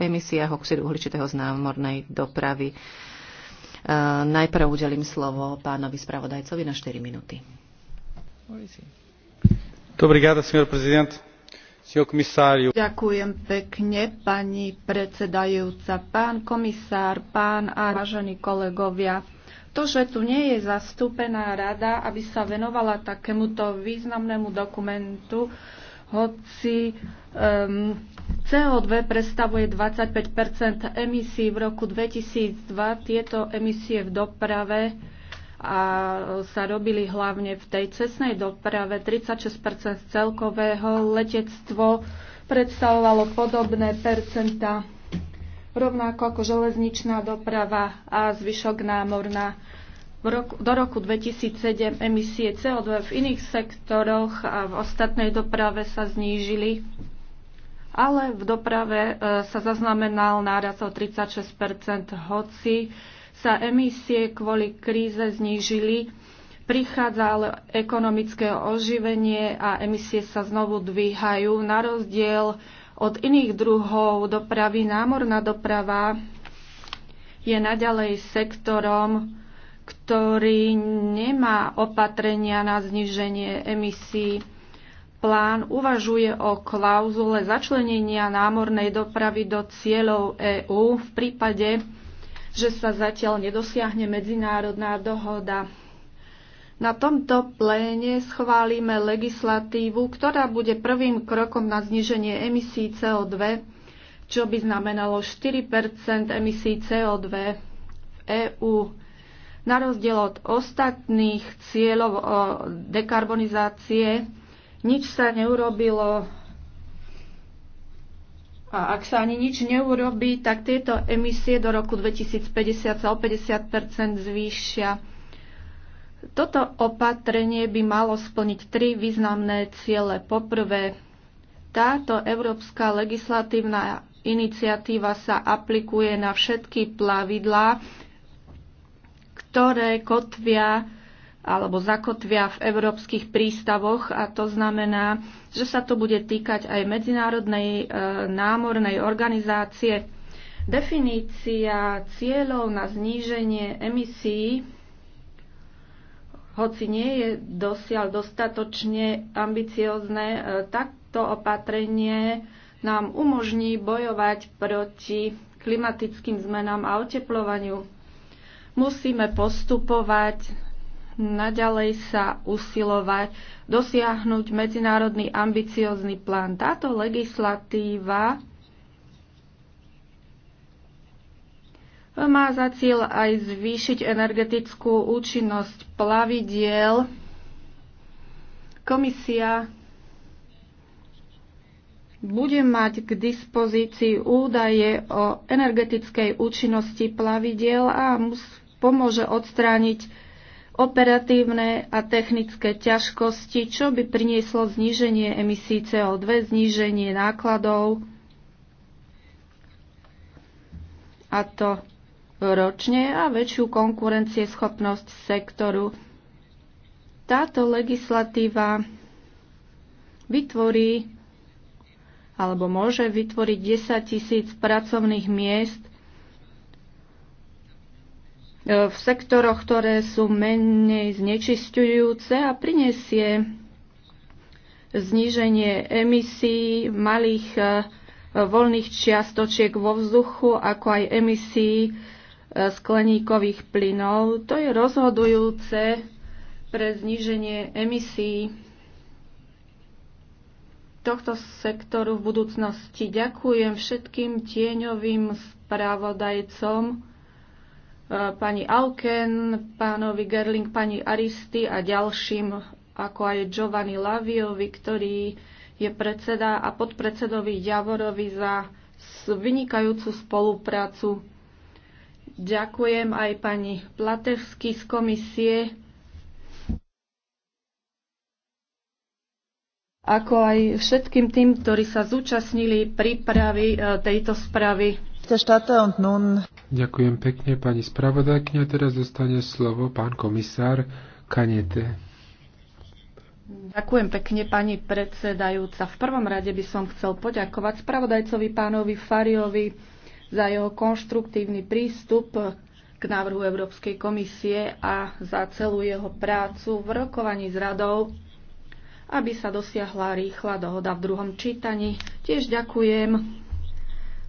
emisiách oxidu uhličitého z námornej dopravy. E, najprv udelím slovo pánovi spravodajcovi na 4 minúty. Ďakujem pekne, pani predsedajúca, pán komisár, pán a vážení kolegovia. To, že tu nie je zastúpená rada, aby sa venovala takémuto významnému dokumentu, hoci um, CO2 predstavuje 25 emisí v roku 2002. Tieto emisie v doprave a sa robili hlavne v tej cestnej doprave. 36 z celkového letectvo predstavovalo podobné percenta, rovnako ako železničná doprava a zvyšok námorná roku, do roku 2007 emisie CO2 v iných sektoroch a v ostatnej doprave sa znížili, ale v doprave e, sa zaznamenal náraz o 36 hoci sa emisie kvôli kríze znížili, prichádza ale ekonomické oživenie a emisie sa znovu dvíhajú. Na rozdiel od iných druhov dopravy námorná doprava je naďalej sektorom, ktorý nemá opatrenia na zniženie emisí. Plán uvažuje o klauzule začlenenia námornej dopravy do cieľov EÚ v prípade, že sa zatiaľ nedosiahne medzinárodná dohoda. Na tomto pléne schválime legislatívu, ktorá bude prvým krokom na zniženie emisí CO2, čo by znamenalo 4 emisí CO2 v EÚ. Na rozdiel od ostatných cieľov o dekarbonizácie, nič sa neurobilo a ak sa ani nič neurobí, tak tieto emisie do roku 2050 sa o 50 zvýšia. Toto opatrenie by malo splniť tri významné ciele. Poprvé, táto európska legislatívna iniciatíva sa aplikuje na všetky plavidlá ktoré kotvia alebo zakotvia v európskych prístavoch a to znamená, že sa to bude týkať aj Medzinárodnej e, námornej organizácie. Definícia cieľov na zníženie emisí, hoci nie je dosiaľ dostatočne ambiciozne, e, takto opatrenie nám umožní bojovať proti klimatickým zmenám a oteplovaniu Musíme postupovať, naďalej sa usilovať, dosiahnuť medzinárodný ambiciózny plán. Táto legislatíva má za cieľ aj zvýšiť energetickú účinnosť plavidiel. Komisia bude mať k dispozícii údaje o energetickej účinnosti plavidiel a musí pomôže odstrániť operatívne a technické ťažkosti, čo by prinieslo zníženie emisí CO2, zníženie nákladov a to ročne a väčšiu konkurencieschopnosť sektoru. Táto legislatíva vytvorí alebo môže vytvoriť 10 tisíc pracovných miest E, v sektoroch, ktoré sú menej znečisťujúce a prinesie zníženie emisí malých e, voľných čiastočiek vo vzduchu, ako aj emisí e, skleníkových plynov. To je rozhodujúce pre zníženie emisí tohto sektoru v budúcnosti. Ďakujem všetkým tieňovým spravodajcom pani Auken, pánovi Gerling, pani Aristy a ďalším, ako aj Giovanni Laviovi, ktorý je predseda a podpredsedovi Javorovi za vynikajúcu spoluprácu. Ďakujem aj pani Platevsky z komisie, ako aj všetkým tým, ktorí sa zúčastnili prípravy e, tejto správy. Ďakujem pekne, pani spravodajkňa. Teraz dostane slovo pán komisár Kanete. Ďakujem pekne, pani predsedajúca. V prvom rade by som chcel poďakovať spravodajcovi pánovi Fariovi za jeho konštruktívny prístup k návrhu Európskej komisie a za celú jeho prácu v rokovaní s radou, aby sa dosiahla rýchla dohoda v druhom čítaní. Tiež ďakujem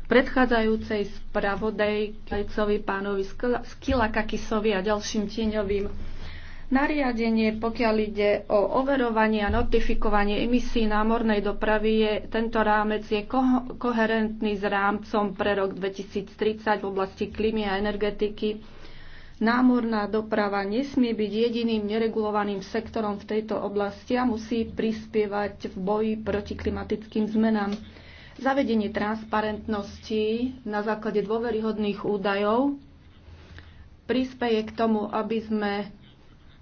predchádzajúcej spravodajcovi pánovi Skilakakisovi a ďalším tieňovým Nariadenie, pokiaľ ide o overovanie a notifikovanie emisí námornej dopravy, je, tento rámec je ko- koherentný s rámcom pre rok 2030 v oblasti klímy a energetiky. Námorná doprava nesmie byť jediným neregulovaným sektorom v tejto oblasti a musí prispievať v boji proti klimatickým zmenám. Zavedenie transparentnosti na základe dôveryhodných údajov prispeje k tomu, aby sme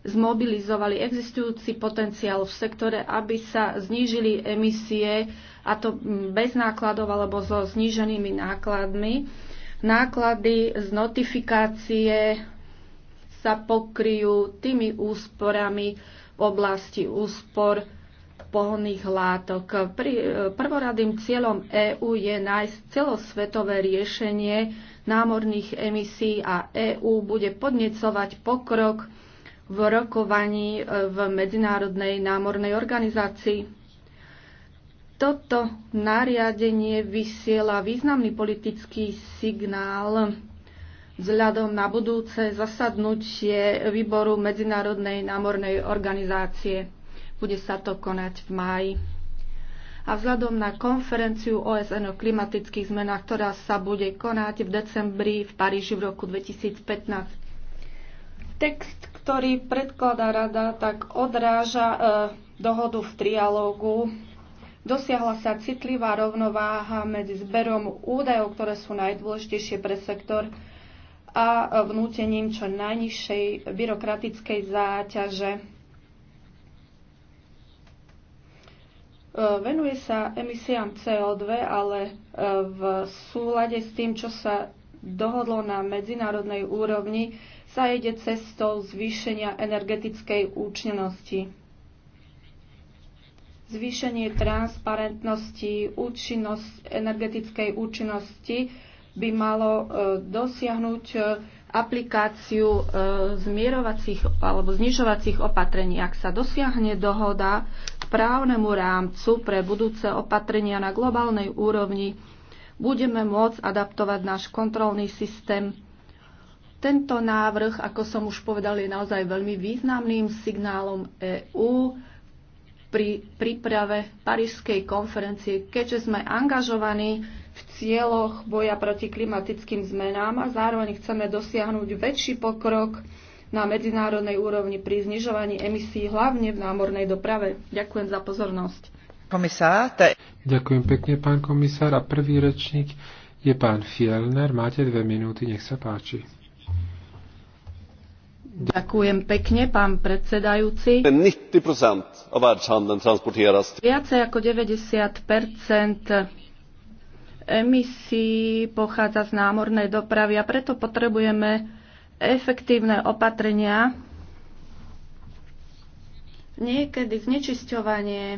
zmobilizovali existujúci potenciál v sektore, aby sa znížili emisie, a to bez nákladov alebo so zníženými nákladmi. Náklady z notifikácie sa pokryjú tými úsporami v oblasti úspor pohonných látok. E, prvoradým cieľom EÚ je nájsť celosvetové riešenie námorných emisí a EÚ bude podnecovať pokrok v rokovaní e, v Medzinárodnej námornej organizácii toto nariadenie vysiela významný politický signál vzhľadom na budúce zasadnutie výboru Medzinárodnej námornej organizácie. Bude sa to konať v máji. A vzhľadom na konferenciu OSN o klimatických zmenách, ktorá sa bude konať v decembri v Paríži v roku 2015. Text, ktorý predkladá rada, tak odráža e, dohodu v trialógu Dosiahla sa citlivá rovnováha medzi zberom údajov, ktoré sú najdôležitejšie pre sektor a vnútením čo najnižšej byrokratickej záťaže. E, venuje sa emisiám CO2, ale e, v súlade s tým, čo sa dohodlo na medzinárodnej úrovni, sa ide cestou zvýšenia energetickej účinnosti. Zvýšenie transparentnosti, účinnosť, energetickej účinnosti by malo e, dosiahnuť aplikáciu zmierovacích alebo znižovacích opatrení. Ak sa dosiahne dohoda správnemu rámcu pre budúce opatrenia na globálnej úrovni budeme môcť adaptovať náš kontrolný systém. Tento návrh, ako som už povedal, je naozaj veľmi významným signálom EÚ pri príprave Parížskej konferencie, keďže sme angažovaní v cieľoch boja proti klimatickým zmenám a zároveň chceme dosiahnuť väčší pokrok na medzinárodnej úrovni pri znižovaní emisí, hlavne v námornej doprave. Ďakujem za pozornosť. Komisár, te... Ďakujem pekne, pán komisár. A prvý rečník je pán Fielner. Máte dve minúty, nech sa páči. Ďakujem pekne, pán predsedajúci. 90 Viacej ako 90 emisí pochádza z námornej dopravy a preto potrebujeme efektívne opatrenia, niekedy znečisťovanie.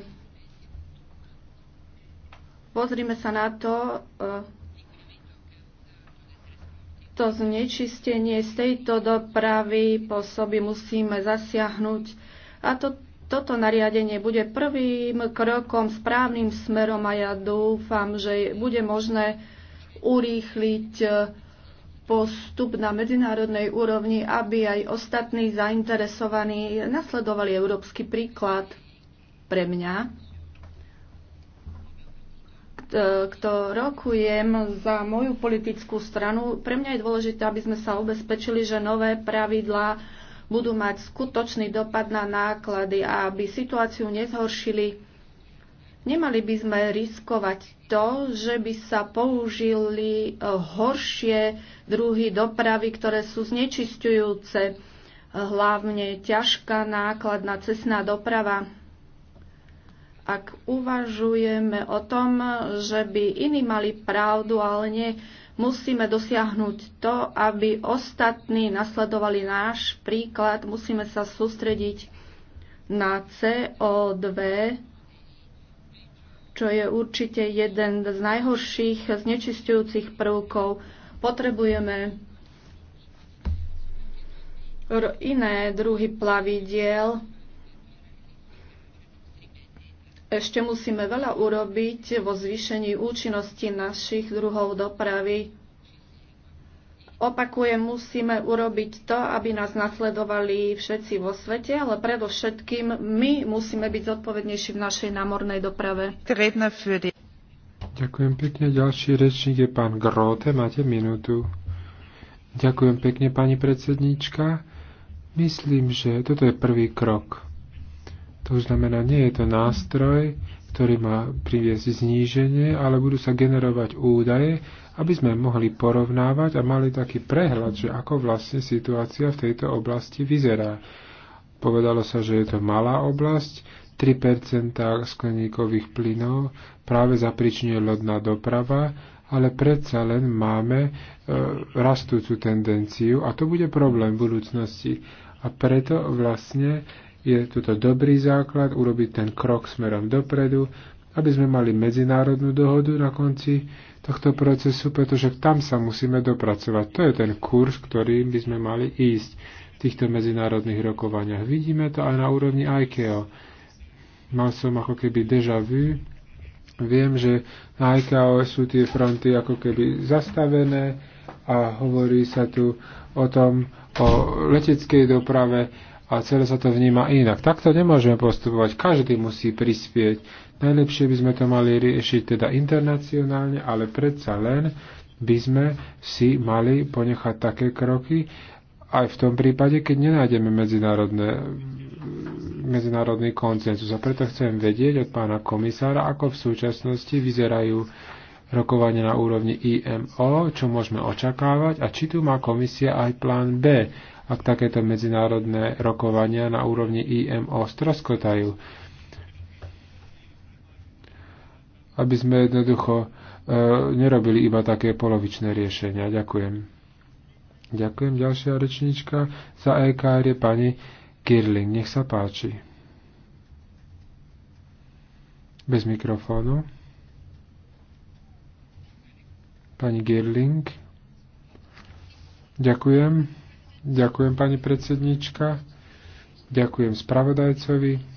Pozrime sa na to, e, to znečistenie z tejto dopravy pôsoby musíme zasiahnuť. A to, toto nariadenie bude prvým krokom správnym smerom a ja dúfam, že bude možné urýchliť e, postup na medzinárodnej úrovni, aby aj ostatní zainteresovaní nasledovali európsky príklad pre mňa, kto rokujem za moju politickú stranu, pre mňa je dôležité, aby sme sa ubezpečili, že nové pravidlá budú mať skutočný dopad na náklady a aby situáciu nezhoršili Nemali by sme riskovať to, že by sa použili e, horšie druhy dopravy, ktoré sú znečisťujúce, e, hlavne ťažká nákladná cestná doprava. Ak uvažujeme o tom, že by iní mali pravdu, ale nie, musíme dosiahnuť to, aby ostatní nasledovali náš príklad. Musíme sa sústrediť na CO2 čo je určite jeden z najhorších znečistujúcich prvkov. Potrebujeme iné druhy plavidiel. Ešte musíme veľa urobiť vo zvýšení účinnosti našich druhov dopravy. Opakujem, musíme urobiť to, aby nás nasledovali všetci vo svete, ale predovšetkým my musíme byť zodpovednejší v našej námornej doprave. Ďakujem pekne. Ďalší rečník je pán Grote. Máte minútu. Ďakujem pekne, pani predsednička. Myslím, že toto je prvý krok. To znamená, nie je to nástroj, ktorý má priviesť zníženie, ale budú sa generovať údaje, aby sme mohli porovnávať a mali taký prehľad, že ako vlastne situácia v tejto oblasti vyzerá. Povedalo sa, že je to malá oblasť, 3 skleníkových plynov práve zapričňuje lodná doprava, ale predsa len máme e, rastúcu tendenciu a to bude problém v budúcnosti. A preto vlastne je toto dobrý základ urobiť ten krok smerom dopredu, aby sme mali medzinárodnú dohodu na konci tohto procesu, pretože tam sa musíme dopracovať. To je ten kurz, ktorým by sme mali ísť v týchto medzinárodných rokovaniach. Vidíme to aj na úrovni IKEA. Mal som ako keby deja vu. Viem, že na IKEA sú tie fronty ako keby zastavené a hovorí sa tu o tom, o leteckej doprave a celé sa to vníma inak. Takto nemôžeme postupovať. Každý musí prispieť Najlepšie by sme to mali riešiť teda internacionálne, ale predsa len by sme si mali ponechať také kroky, aj v tom prípade, keď nenájdeme medzinárodné, medzinárodný koncenzus. A preto chcem vedieť od pána komisára, ako v súčasnosti vyzerajú rokovania na úrovni IMO, čo môžeme očakávať a či tu má komisia aj plán B, ak takéto medzinárodné rokovania na úrovni IMO stroskotajú aby sme jednoducho e, nerobili iba také polovičné riešenia. Ďakujem. Ďakujem. Ďalšia rečnička za EKR je pani Kirling. Nech sa páči. Bez mikrofónu. Pani Girling. Ďakujem. Ďakujem, pani predsednička. Ďakujem spravodajcovi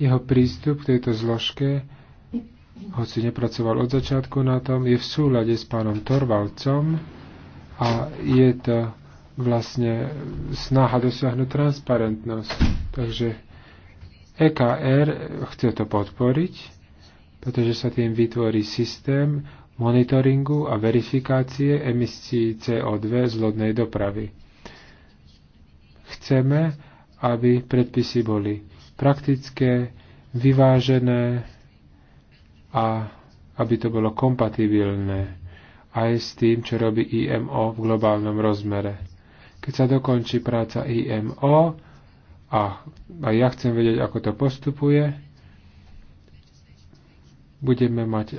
jeho prístup k tejto zložke, hoci nepracoval od začiatku na tom, je v súlade s pánom Torvalcom a je to vlastne snaha dosiahnuť transparentnosť. Takže EKR chce to podporiť, pretože sa tým vytvorí systém monitoringu a verifikácie emisí CO2 z lodnej dopravy. Chceme, aby predpisy boli praktické, vyvážené a aby to bolo kompatibilné aj s tým, čo robí IMO v globálnom rozmere. Keď sa dokončí práca IMO a, a ja chcem vedieť, ako to postupuje, budeme mať e,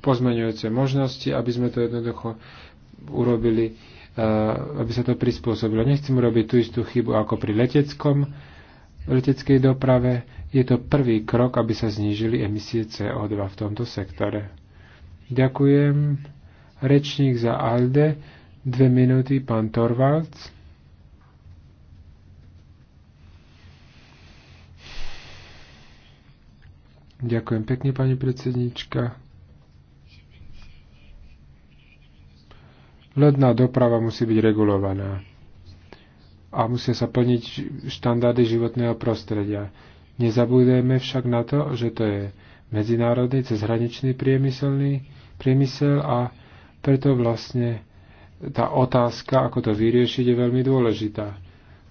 pozmeňujúce možnosti, aby sme to jednoducho urobili, e, aby sa to prispôsobilo. Nechcem urobiť tú istú chybu ako pri leteckom leteckej doprave je to prvý krok, aby sa znížili emisie CO2 v tomto sektore. Ďakujem. Rečník za ALDE, dve minúty, pán Torvalds. Ďakujem pekne, pani predsednička. Lodná doprava musí byť regulovaná a musia sa plniť štandardy životného prostredia. Nezabúdajme však na to, že to je medzinárodný, cezhraničný priemyselný priemysel a preto vlastne tá otázka, ako to vyriešiť, je veľmi dôležitá.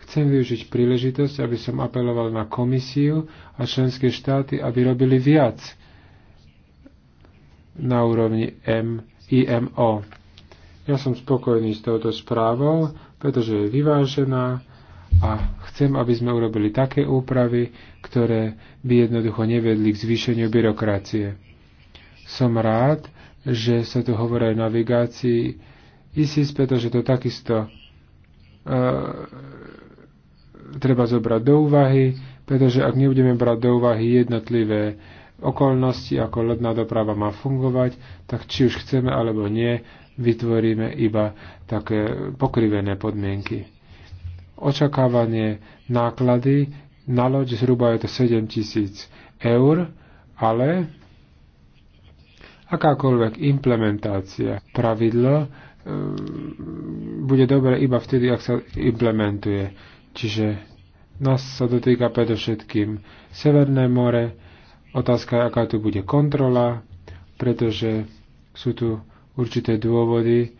Chcem využiť príležitosť, aby som apeloval na komisiu a členské štáty, aby robili viac na úrovni M, IMO. Ja som spokojný s touto správou pretože je vyvážená a chcem, aby sme urobili také úpravy, ktoré by jednoducho nevedli k zvýšeniu byrokracie. Som rád, že sa tu hovorí o navigácii ISIS, pretože to takisto e treba zobrať do úvahy, pretože ak nebudeme brať do úvahy jednotlivé okolnosti, ako letná doprava má fungovať, tak či už chceme alebo nie, vytvoríme iba také pokrivené podmienky. Očakávanie náklady na loď zhruba je to 7 tisíc eur, ale akákoľvek implementácia pravidlo e, bude dobre iba vtedy, ak sa implementuje. Čiže nás sa dotýka predovšetkým Severné more. Otázka je, aká tu bude kontrola, pretože sú tu určité dôvody,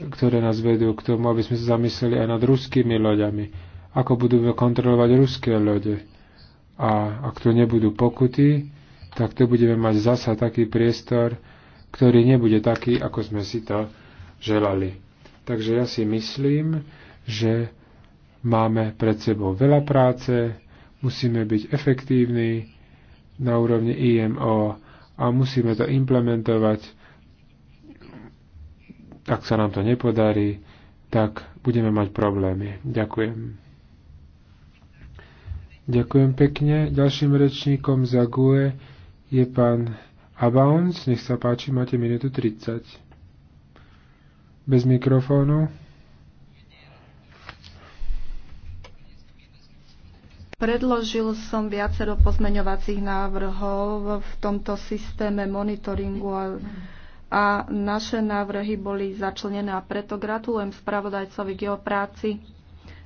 ktoré nás vedú k tomu, aby sme sa zamysleli aj nad ruskými loďami. Ako budú kontrolovať ruské lode. A ak to nebudú pokuty, tak to budeme mať zasa taký priestor, ktorý nebude taký, ako sme si to želali. Takže ja si myslím, že máme pred sebou veľa práce, musíme byť efektívni na úrovni IMO a musíme to implementovať ak sa nám to nepodarí, tak budeme mať problémy. Ďakujem. Ďakujem pekne. Ďalším rečníkom za GUE je pán Abounds. Nech sa páči, máte minútu 30. Bez mikrofónu. Predložil som viacero pozmeňovacích návrhov v tomto systéme monitoringu a a naše návrhy boli začlenené a preto gratulujem spravodajcovi k jeho práci.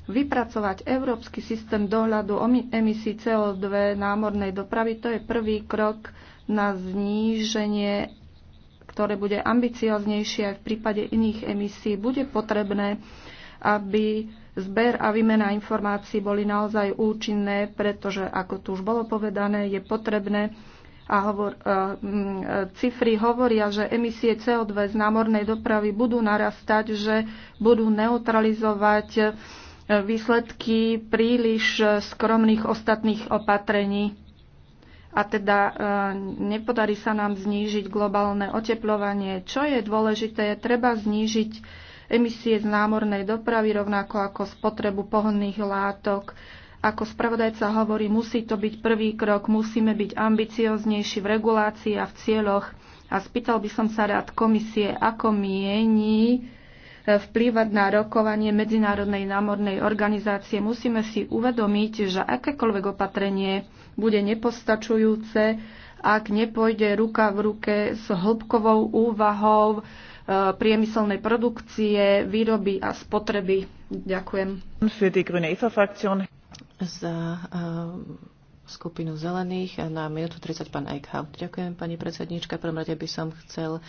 Vypracovať európsky systém dohľadu o emisí CO2 námornej dopravy to je prvý krok na zníženie, ktoré bude ambicioznejšie aj v prípade iných emisí. Bude potrebné, aby zber a výmena informácií boli naozaj účinné, pretože, ako tu už bolo povedané, je potrebné a hovor, e, e, cifry hovoria, že emisie CO2 z námornej dopravy budú narastať, že budú neutralizovať e, výsledky príliš skromných ostatných opatrení. A teda e, nepodarí sa nám znížiť globálne oteplovanie. Čo je dôležité, je treba znížiť emisie z námornej dopravy, rovnako ako spotrebu pohodných látok. Ako spravodajca hovorí, musí to byť prvý krok, musíme byť ambicioznejší v regulácii a v cieľoch. A spýtal by som sa rád komisie, ako mieni eh, vplývať na rokovanie Medzinárodnej námornej organizácie. Musíme si uvedomiť, že akékoľvek opatrenie bude nepostačujúce, ak nepôjde ruka v ruke s hĺbkovou úvahou eh, priemyselnej produkcie, výroby a spotreby. Ďakujem. E za eh, skupinu zelených na minútu 30 pán Eichhout. Ďakujem, pani predsednička. Prvom rade by som chcel eh,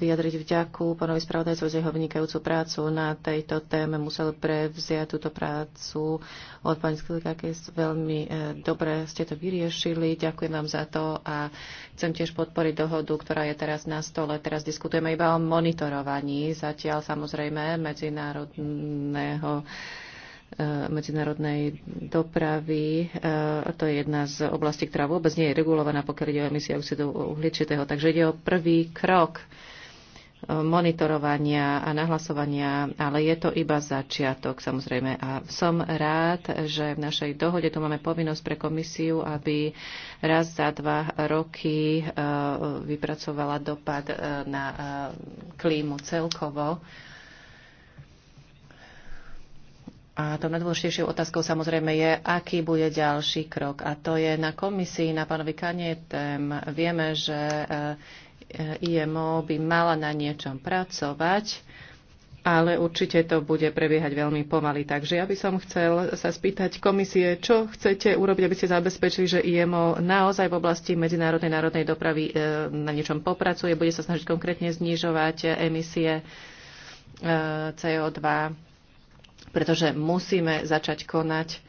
vyjadriť vďaku pánovi spravodajcovi za jeho vynikajúcu prácu na tejto téme. Musel prevziať túto prácu od pani Sklikakis. Veľmi eh, dobre ste to vyriešili. Ďakujem vám za to a chcem tiež podporiť dohodu, ktorá je teraz na stole. Teraz diskutujeme iba o monitorovaní. Zatiaľ samozrejme medzinárodného Eh, medzinárodnej dopravy. Eh, to je jedna z oblastí, ktorá vôbec nie je regulovaná, pokiaľ ide o emisie oxidu uhličitého. Takže ide o prvý krok eh, monitorovania a nahlasovania, ale je to iba začiatok samozrejme. A som rád, že v našej dohode tu máme povinnosť pre komisiu, aby raz za dva roky vypracovala dopad na klímu celkovo a tou najdôležitejšou otázkou samozrejme je, aký bude ďalší krok. A to je na komisii, na pánovi Kanietem. Vieme, že e, IMO by mala na niečom pracovať, ale určite to bude prebiehať veľmi pomaly. Takže ja by som chcel sa spýtať komisie, čo chcete urobiť, aby ste zabezpečili, že IMO naozaj v oblasti medzinárodnej národnej dopravy e, na niečom popracuje, bude sa snažiť konkrétne znižovať emisie e, CO2 pretože musíme začať konať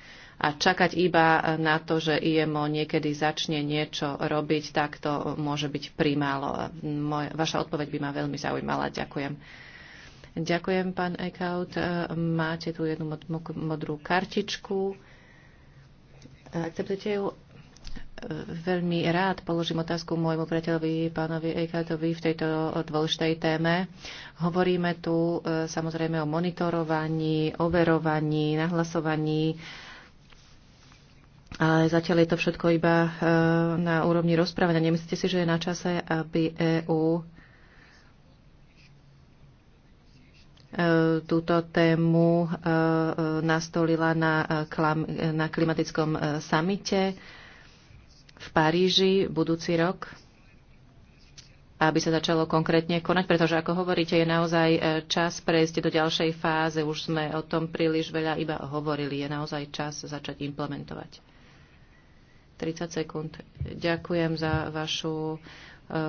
a čakať iba na to, že IMO niekedy začne niečo robiť, tak to môže byť primálo. Moj, vaša odpoveď by ma veľmi zaujímala. Ďakujem. Ďakujem, pán Ekaut. Máte tu jednu mod, modrú kartičku. Akceptujete ju? veľmi rád položím otázku môjmu priateľovi, pánovi Eichhartovi v tejto dôležitej téme. Hovoríme tu e, samozrejme o monitorovaní, overovaní, nahlasovaní, ale zatiaľ je to všetko iba e, na úrovni rozprávania. Nemyslíte si, že je na čase, aby EÚ e, túto tému nastolila na, klimatickom samite? v Paríži budúci rok, aby sa začalo konkrétne konať, pretože ako hovoríte, je naozaj e, čas prejsť do ďalšej fáze. Už sme o tom príliš veľa iba hovorili. Je naozaj čas začať implementovať. 30 sekúnd. Ďakujem za vašu E,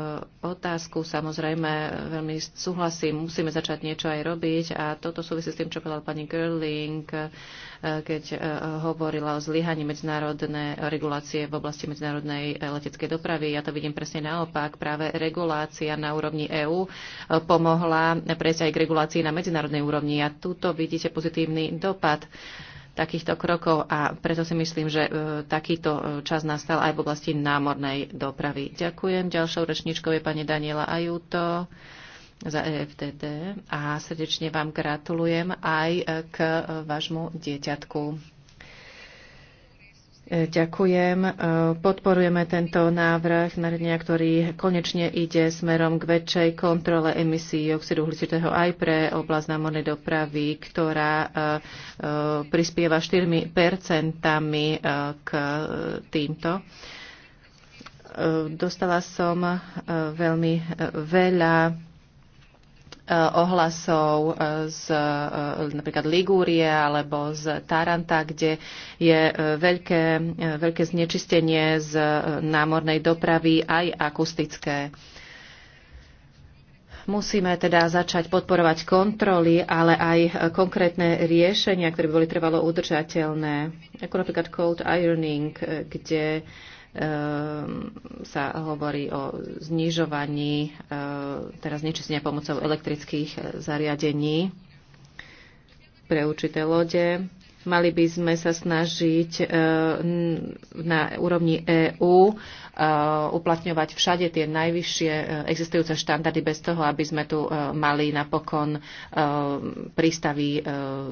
otázku. Samozrejme, veľmi súhlasím, musíme začať niečo aj robiť a toto súvisí s tým, čo povedala pani Gerling, e, keď e, hovorila o zlyhaní medzinárodné regulácie v oblasti medzinárodnej leteckej dopravy. Ja to vidím presne naopak. Práve regulácia na úrovni EÚ pomohla prejsť aj k regulácii na medzinárodnej úrovni a tuto vidíte pozitívny dopad takýchto krokov a preto si myslím, že e, takýto e, čas nastal aj v oblasti námornej dopravy. Ďakujem. Ďalšou rečničkou je pani Daniela Ajuto za EFTD a srdečne vám gratulujem aj e, k vášmu dieťatku. E, ďakujem. E, podporujeme tento návrh nariadenia, ktorý konečne ide smerom k väčšej kontrole emisí oxidu uhličitého aj pre oblasť námornej dopravy, ktorá e, prispieva 4 percentami k týmto. Dostala som veľmi veľa Eh, ohlasov eh, z eh, napríklad Ligúrie alebo z Taranta, kde je veľké, veľké znečistenie z námornej dopravy aj akustické. Musíme teda začať podporovať kontroly, ale aj konkrétne riešenia, ktoré by boli trvalo udržateľné, ako napríklad cold ironing, kde Ehm, sa hovorí o znižovaní ehm, teraz nečistenia pomocou elektrických e, zariadení pre určité lode. Mali by sme sa snažiť e, na úrovni EÚ e, uplatňovať všade tie najvyššie e, existujúce štandardy bez toho, aby sme tu mali napokon prístavy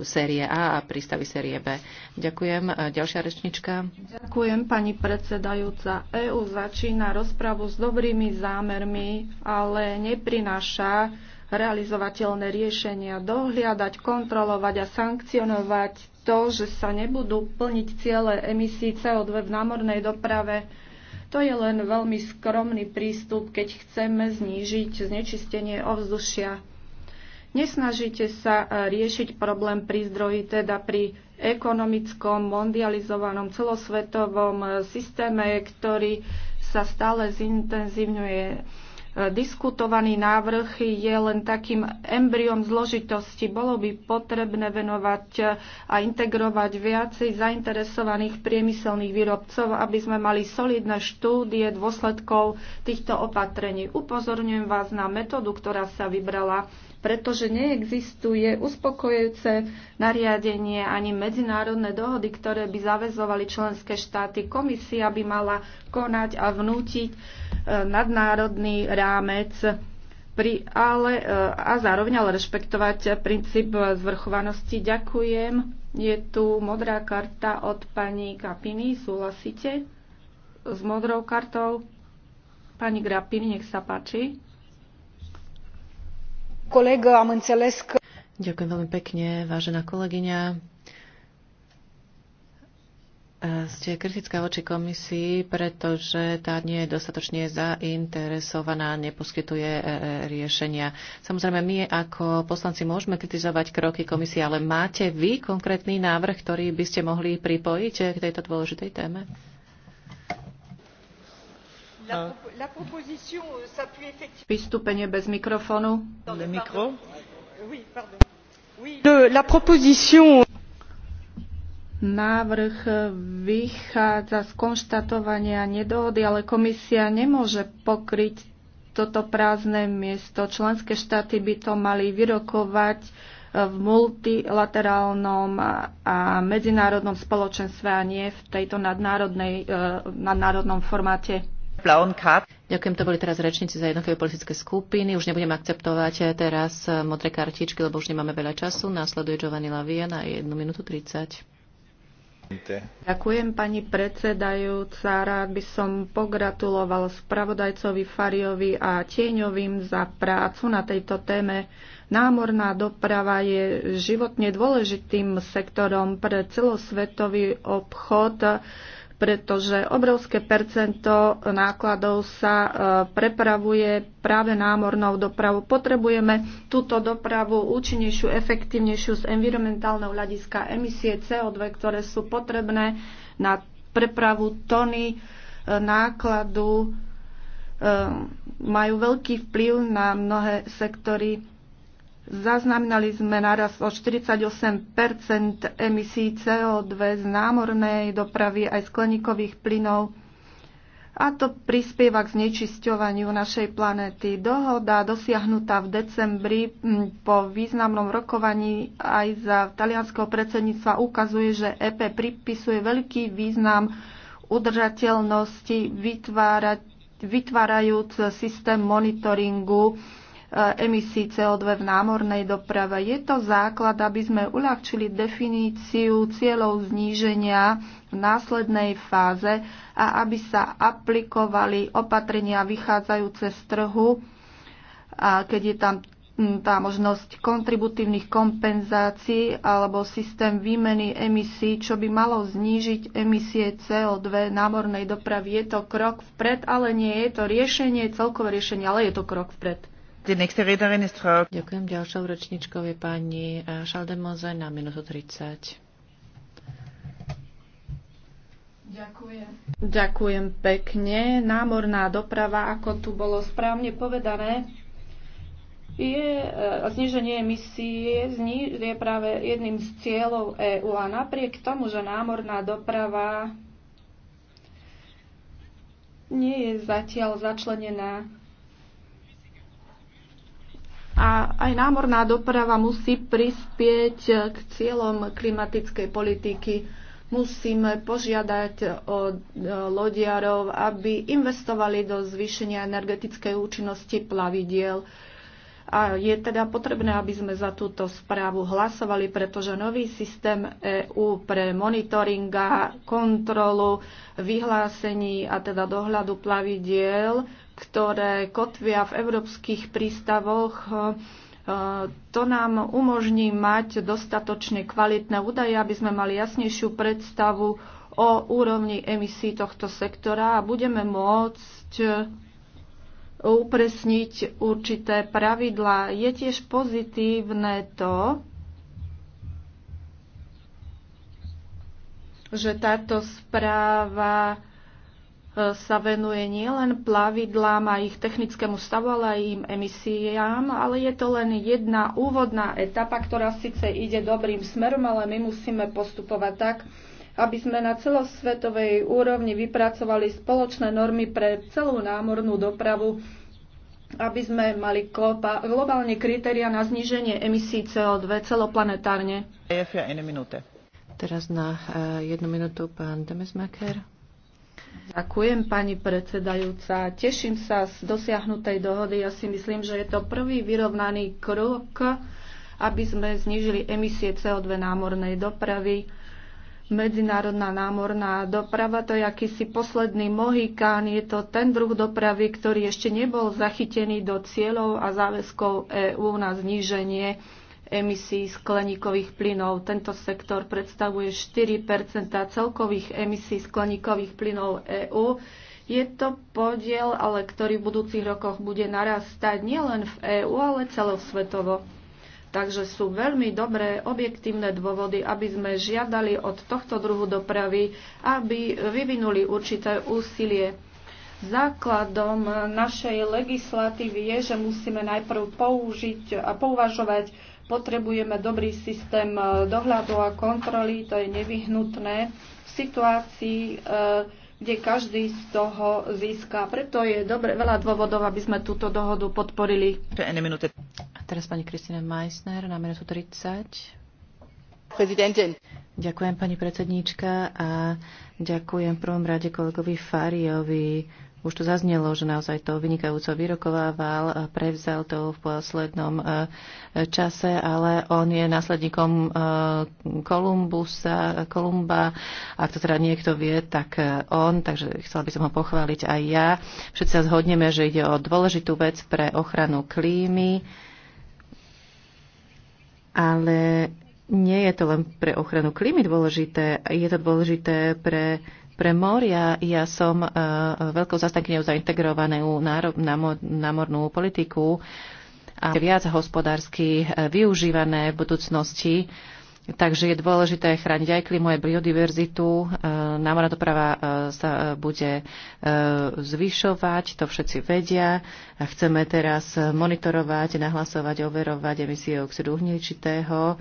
série A a prístavy série B. Ďakujem. Ďalšia rečnička. Ďakujem, pani predsedajúca. EÚ začína rozpravu s dobrými zámermi, ale neprináša realizovateľné riešenia, dohliadať, kontrolovať a sankcionovať to, že sa nebudú plniť ciele emisí CO2 v námornej doprave. To je len veľmi skromný prístup, keď chceme znížiť znečistenie ovzdušia. Nesnažíte sa e, riešiť problém pri zdroji, teda pri ekonomickom, mondializovanom, celosvetovom e, systéme, ktorý sa stále zintenzívňuje diskutovaný návrh je len takým embryom zložitosti. Bolo by potrebné venovať a integrovať viacej zainteresovaných priemyselných výrobcov, aby sme mali solidné štúdie dôsledkov týchto opatrení. Upozorňujem vás na metódu, ktorá sa vybrala pretože neexistuje uspokojujúce nariadenie ani medzinárodné dohody, ktoré by zavezovali členské štáty. Komisia by mala konať a vnútiť e, nadnárodný rámec pri, ale, e, a zároveň ale rešpektovať princíp zvrchovanosti. Ďakujem. Je tu modrá karta od pani Kapiny. Súhlasíte s modrou kartou? Pani Grapini, nech sa páči am înțeles că... Ďakujem veľmi pekne, vážená kolegyňa. Ste kritická voči komisii, pretože tá nie je dostatočne zainteresovaná, neposkytuje e, e, riešenia. Samozrejme, my ako poslanci môžeme kritizovať kroky komisie, ale máte vy konkrétny návrh, ktorý by ste mohli pripojiť e, k tejto dôležitej téme? Euh, Vystúpenie bez mikrofónu. Euh, Návrh euh, vychádza z konštatovania nedohody, ale komisia nemôže pokryť toto prázdne miesto. Členské štáty by to mali vyrokovať v multilaterálnom a medzinárodnom spoločenstve a nie v tejto nadnárodnej, nadnárodnom formáte. Ďakujem, to boli teraz rečníci za jednotlivé politické skupiny. Už nebudem akceptovať teraz modré kartičky, lebo už nemáme veľa času. Následuje Giovanni Lavia na 1 minútu 30. Ďakujem pani predsedajúca. Rád by som pogratuloval spravodajcovi Fariovi a Tieňovým za prácu na tejto téme. Námorná doprava je životne dôležitým sektorom pre celosvetový obchod pretože obrovské percento nákladov sa e, prepravuje práve námornou dopravou. Potrebujeme túto dopravu účinnejšiu, efektívnejšiu z environmentálneho hľadiska emisie CO2, ktoré sú potrebné na prepravu tony e, nákladu e, majú veľký vplyv na mnohé sektory Zaznamenali sme naraz o 48 emisí CO2 z námornej dopravy aj skleníkových plynov a to prispieva k znečisťovaniu našej planéty. Dohoda dosiahnutá v decembri po významnom rokovaní aj za talianského predsedníctva ukazuje, že EP pripisuje veľký význam udržateľnosti vytvárať, vytvárajúc systém monitoringu Eh, emisí CO2 v námornej doprave. Je to základ, aby sme uľahčili definíciu cieľov zníženia v následnej fáze a aby sa aplikovali opatrenia vychádzajúce z trhu, a keď je tam hm, tá možnosť kontributívnych kompenzácií alebo systém výmeny emisí, čo by malo znížiť emisie CO2 námornej dopravy. Je to krok vpred, ale nie je to riešenie, celkové riešenie, ale je to krok vpred. Ďakujem. Ďalšou rečničkou je pani Šaldemoze eh, na minútu 30. Ďakujem. Ďakujem pekne. Námorná doprava, ako tu bolo správne povedané, je, eh, zniženie emisí je práve jedným z cieľov EÚ a napriek tomu, že námorná doprava nie je zatiaľ začlenená a aj námorná doprava musí prispieť k cieľom klimatickej politiky. Musíme požiadať od e, lodiarov, aby investovali do zvýšenia energetickej účinnosti plavidiel. A je teda potrebné, aby sme za túto správu hlasovali, pretože nový systém EÚ pre monitoringa, kontrolu, vyhlásení a teda dohľadu plavidiel ktoré kotvia v európskych prístavoch, e, to nám umožní mať dostatočne kvalitné údaje, aby sme mali jasnejšiu predstavu o úrovni emisí tohto sektora a budeme môcť upresniť určité pravidlá. Je tiež pozitívne to, že táto správa sa venuje nielen plavidlám a ich technickému stavu, ale aj im emisiám, ale je to len jedna úvodná etapa, ktorá síce ide dobrým smerom, ale my musíme postupovať tak, aby sme na celosvetovej úrovni vypracovali spoločné normy pre celú námornú dopravu, aby sme mali globálne kritéria na zníženie emisí CO2 celoplanetárne. Teraz na eh, jednu minútu pán Demesmaker. Ďakujem, pani predsedajúca. Teším sa z dosiahnutej dohody. Ja si myslím, že je to prvý vyrovnaný krok, aby sme znížili emisie CO2 námornej dopravy. Medzinárodná námorná doprava to je akýsi posledný mohikán. Je to ten druh dopravy, ktorý ešte nebol zachytený do cieľov a záväzkov EÚ na zníženie emisí skleníkových plynov. Tento sektor predstavuje 4 celkových emisí skleníkových plynov EÚ. Je to podiel, ale ktorý v budúcich rokoch bude narastať nielen v EÚ, ale celosvetovo. Takže sú veľmi dobré objektívne dôvody, aby sme žiadali od tohto druhu dopravy, aby vyvinuli určité úsilie. Základom našej legislatívy je, že musíme najprv použiť a pouvažovať Potrebujeme dobrý systém e, dohľadu a kontroly, to je nevyhnutné v situácii, e, kde každý z toho získa. Preto je dobre, veľa dôvodov, aby sme túto dohodu podporili. A teraz pani Kristina Meissner na minútu 30. Prezidentin. Ďakujem pani predsedníčka a ďakujem v prvom rade kolegovi Fariovi už tu zaznelo, že naozaj to vynikajúco vyrokovával, prevzal to v poslednom e, čase, ale on je následníkom e, Kolumbusa, Kolumba. Ak to teda niekto vie, tak e, on, takže chcela by som ho pochváliť aj ja. Všetci sa zhodneme, že ide o dôležitú vec pre ochranu klímy, ale nie je to len pre ochranu klímy dôležité, je to dôležité pre pre moria ja som e, veľkou zastankyňou za integrovanú námornú politiku a viac hospodársky e, využívané v budúcnosti. Takže je dôležité chrániť aj klimu, aj biodiverzitu. E, námorná doprava sa bude zvyšovať, to všetci vedia. A chceme teraz monitorovať, nahlasovať, overovať emisie oxidu uhličitého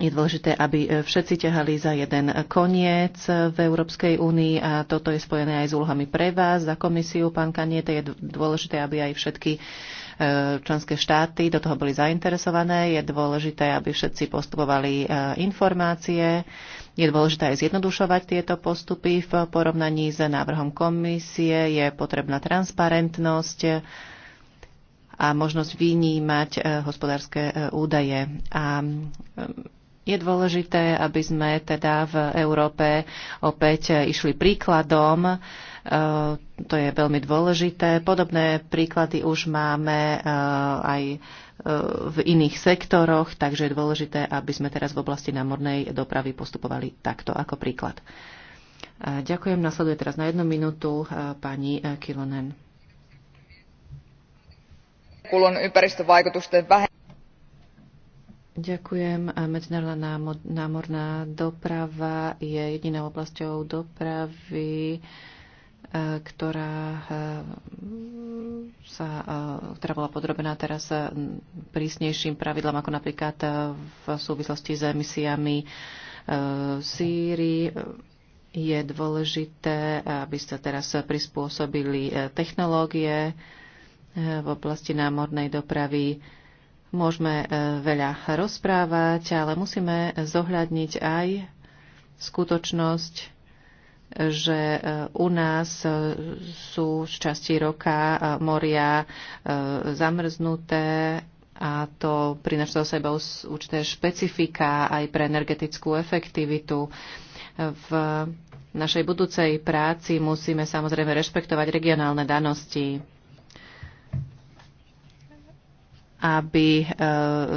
je dôležité, aby e, všetci ťahali za jeden koniec v Európskej únii a toto je spojené aj s úlohami pre vás, za komisiu, pán Kaniete. Je dôležité, aby aj všetky e, členské štáty do toho boli zainteresované. Je dôležité, aby všetci postupovali e, informácie. Je dôležité aj zjednodušovať tieto postupy v porovnaní s návrhom komisie. Je potrebná transparentnosť a možnosť vynímať hospodárske údaje. A je dôležité, aby sme teda v Európe opäť išli príkladom. E, to je veľmi dôležité. Podobné príklady už máme e, aj e, v iných sektoroch, takže je dôležité, aby sme teraz v oblasti námornej dopravy postupovali takto ako príklad. Ďakujem. Nasleduje teraz na jednu minútu pani Kilonen. Kulon ympäristövaikutusten vähentäminen Ďakujem. Medzinárodná námorná doprava je jedinou oblasťou dopravy, e, ktorá, e, sa, e, ktorá bola podrobená teraz prísnejším pravidlom ako napríklad v súvislosti s emisiami síry. Je dôležité, aby sa teraz prispôsobili technológie v oblasti námornej dopravy Môžeme e, veľa rozprávať, ale musíme zohľadniť aj skutočnosť, že e, u nás e, sú z časti roka moria zamrznuté a to prináša so sebou určité špecifika aj pre energetickú efektivitu. V našej budúcej práci musíme samozrejme rešpektovať regionálne danosti aby eh,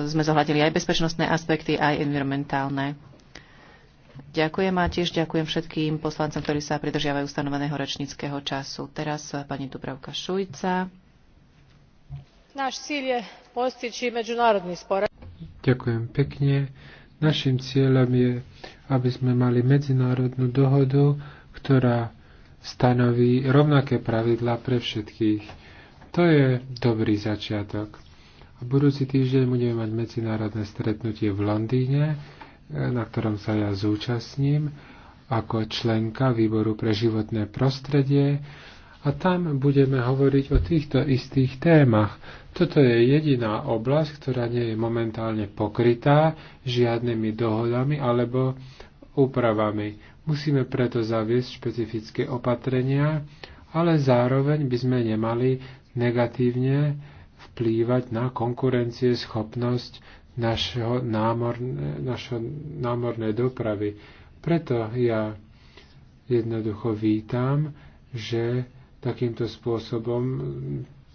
sme zohľadili aj bezpečnostné aspekty, aj environmentálne. Ďakujem a tiež ďakujem všetkým poslancom, ktorí sa pridržiavajú stanoveného rečníckého času. Teraz eh, pani Dubravka Šujca. Náš cíl je postići medzinárodný spor. Ďakujem pekne. Našim cieľom je, aby sme mali medzinárodnú dohodu, ktorá stanoví rovnaké pravidlá pre všetkých. To je dobrý začiatok. A budúci týždeň budeme mať medzinárodné stretnutie v Londýne, e, na ktorom sa ja zúčastním ako členka výboru pre životné prostredie a tam budeme hovoriť o týchto istých témach. Toto je jediná oblasť, ktorá nie je momentálne pokrytá žiadnymi dohodami alebo úpravami. Musíme preto zaviesť špecifické opatrenia, ale zároveň by sme nemali negatívne vplývať na schopnosť našeho námorné, našo námornej dopravy. Preto ja jednoducho vítam, že takýmto spôsobom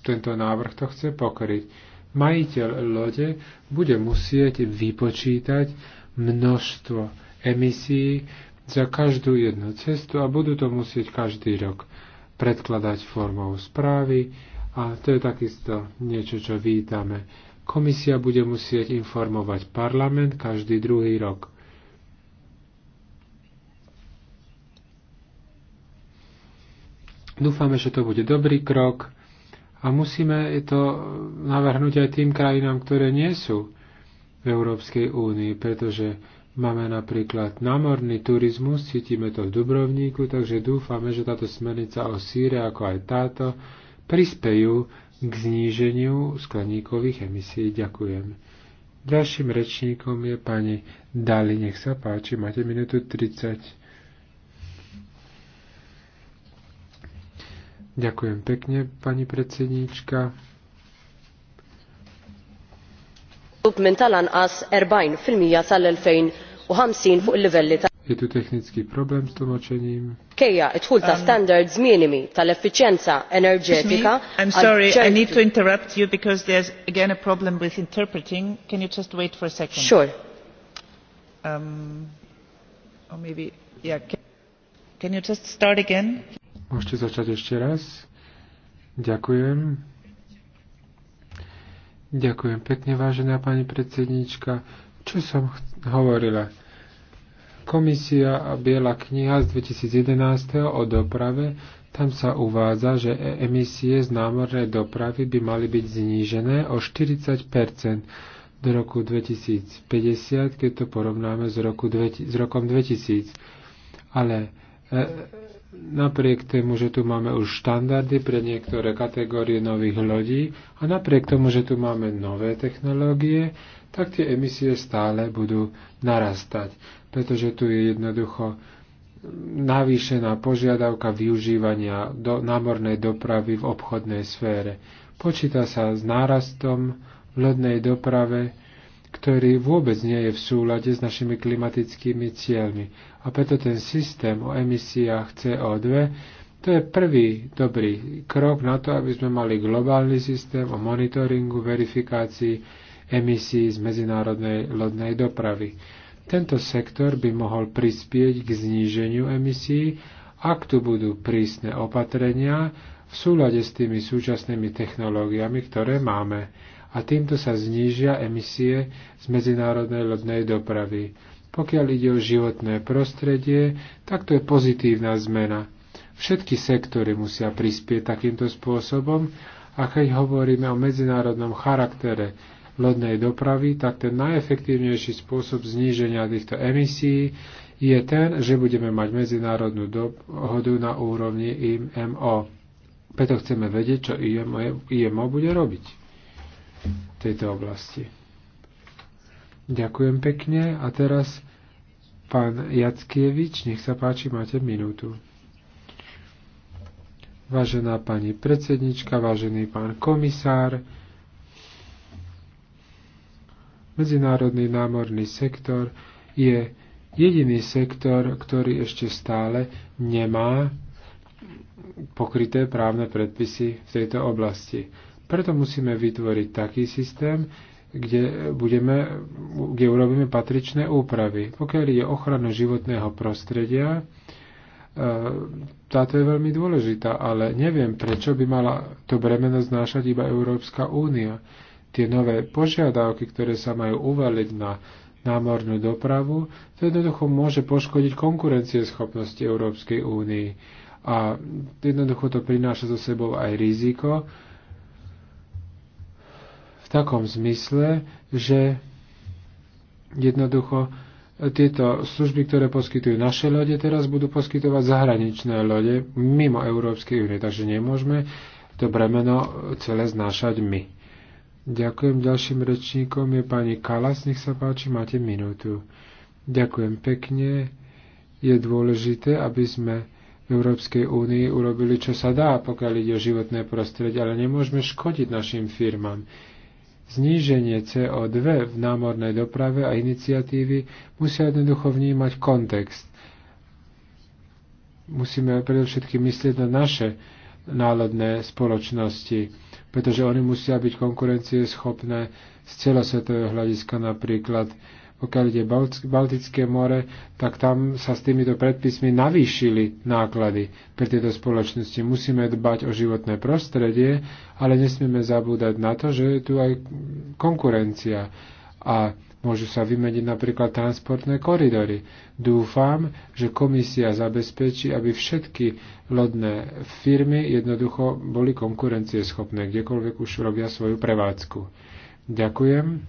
tento návrh to chce pokryť. Majiteľ lode bude musieť vypočítať množstvo emisí za každú jednu cestu a budú to musieť každý rok predkladať formou správy a to je takisto niečo, čo vítame. Komisia bude musieť informovať parlament každý druhý rok. Dúfame, že to bude dobrý krok a musíme to navrhnúť aj tým krajinám, ktoré nie sú v Európskej únii, pretože máme napríklad námorný turizmus, cítime to v Dubrovníku, takže dúfame, že táto smernica o Sýre, ako aj táto, prispejú k zníženiu skleníkových emisí. Ďakujem. Ďalším rečníkom je pani Dali. Nech sa páči, máte minútu 30. Ďakujem pekne, pani predsedníčka. minn as Erbain, 40% sal-2050 fuq il-livelli je tu technický problém s tlmočením. Kejja, idħul ta' um, standards minimi tal-efficienza energetika. I'm sorry, I need to interrupt you because there's again a problem with interpreting. Can you just wait for a second? Sure. Um, or maybe, yeah, can, can you just start again? Môžete začať ešte raz. Ďakujem. Ďakujem pekne, vážená pani predsedníčka. Čo som hovorila? Komisia a Biela kniha z 2011. o doprave, tam sa uvádza, že e- emisie z námornej dopravy by mali byť znížené o 40 do roku 2050, keď to porovnáme s, roku, s rokom 2000. Ale e, napriek tomu, že tu máme už štandardy pre niektoré kategórie nových lodí a napriek tomu, že tu máme nové technológie, tak tie emisie stále budú narastať pretože tu je jednoducho navýšená požiadavka využívania do námornej dopravy v obchodnej sfére. Počíta sa s nárastom v lodnej doprave, ktorý vôbec nie je v súlade s našimi klimatickými cieľmi. A preto ten systém o emisiách CO2 to je prvý dobrý krok na to, aby sme mali globálny systém o monitoringu, verifikácii emisí z medzinárodnej lodnej dopravy. Tento sektor by mohol prispieť k zníženiu emisí, ak tu budú prísne opatrenia v súlade s tými súčasnými technológiami, ktoré máme. A týmto sa znížia emisie z medzinárodnej lodnej dopravy. Pokiaľ ide o životné prostredie, tak to je pozitívna zmena. Všetky sektory musia prispieť takýmto spôsobom, a keď hovoríme o medzinárodnom charaktere lodnej dopravy, tak ten najefektívnejší spôsob zníženia týchto emisí je ten, že budeme mať medzinárodnú dohodu na úrovni IMO. Preto chceme vedieť, čo IMO, IMO bude robiť v tejto oblasti. Ďakujem pekne a teraz pán Jackievič, nech sa páči, máte minútu. Vážená pani predsednička, vážený pán komisár, Medzinárodný námorný sektor je jediný sektor, ktorý ešte stále nemá pokryté právne predpisy v tejto oblasti. Preto musíme vytvoriť taký systém, kde, budeme, kde urobíme patričné úpravy. Pokiaľ je ochrana životného prostredia, e, táto je veľmi dôležitá, ale neviem, prečo by mala to bremeno znášať iba Európska únia tie nové požiadavky, ktoré sa majú uvaliť na námornú dopravu, to jednoducho môže poškodiť konkurencieschopnosti Európskej únii. A jednoducho to prináša so sebou aj riziko v takom zmysle, že jednoducho tieto služby, ktoré poskytujú naše lode, teraz budú poskytovať zahraničné lode mimo Európskej únie. Takže nemôžeme to bremeno celé znášať my. Ďakujem. Ďalším rečníkom je pani Kalas. Nech sa páči, máte minútu. Ďakujem pekne. Je dôležité, aby sme v Európskej únii urobili, čo sa dá, pokiaľ ide o životné prostredie, ale nemôžeme škodiť našim firmám. Zníženie CO2 v námornej doprave a iniciatívy musia jednoducho vnímať kontext. Musíme predovšetkým myslieť na naše národné spoločnosti pretože oni musia byť konkurencieschopné z celosvetového hľadiska napríklad pokiaľ ide Baltické more, tak tam sa s týmito predpismi navýšili náklady pre tieto spoločnosti. Musíme dbať o životné prostredie, ale nesmieme zabúdať na to, že je tu aj konkurencia. A Môžu sa vymeniť napríklad transportné koridory. Dúfam, že komisia zabezpečí, aby všetky lodné firmy jednoducho boli konkurencieschopné, kdekoľvek už robia svoju prevádzku. Ďakujem.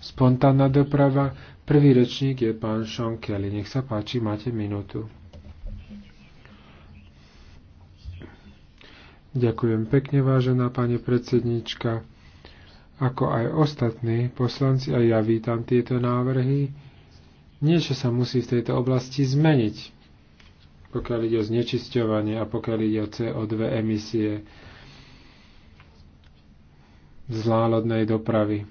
Spontánna doprava. Prvý rečník je pán Sean Kelly. Nech sa páči, máte minútu. Ďakujem pekne, vážená pani predsednička ako aj ostatní poslanci, a ja vítam tieto návrhy, niečo sa musí v tejto oblasti zmeniť, pokiaľ ide o znečisťovanie a pokiaľ ide o CO2 emisie z lálodnej dopravy.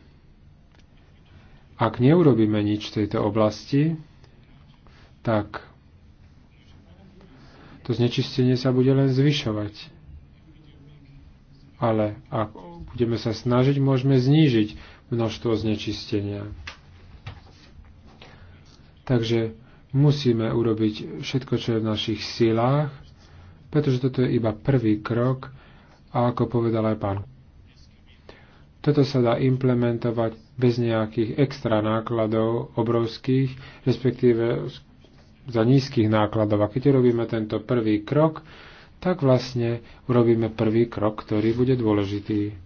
Ak neurobíme nič v tejto oblasti, tak to znečistenie sa bude len zvyšovať. Ale ak budeme sa snažiť, môžeme znížiť množstvo znečistenia. Takže musíme urobiť všetko, čo je v našich silách, pretože toto je iba prvý krok a ako povedal aj pán. Toto sa dá implementovať bez nejakých extra nákladov obrovských, respektíve za nízkych nákladov. A keď robíme tento prvý krok, tak vlastne urobíme prvý krok, ktorý bude dôležitý.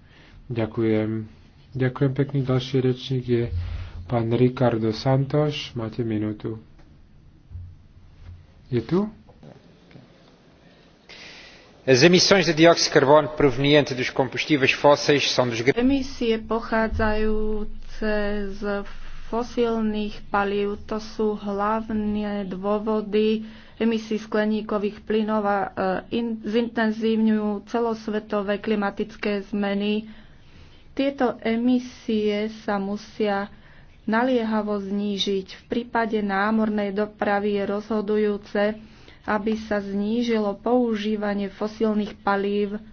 Ďakujem. Ďakujem pekný. Ďalší rečník je pán Ricardo Santos. Máte minútu. Je tu? Emisie pochádzajúce z fosílnych palív to sú hlavné dôvody emisí skleníkových plynov a e, zintenzívňujú celosvetové klimatické zmeny tieto emisie sa musia naliehavo znížiť. V prípade námornej dopravy je rozhodujúce, aby sa znížilo používanie fosílnych palív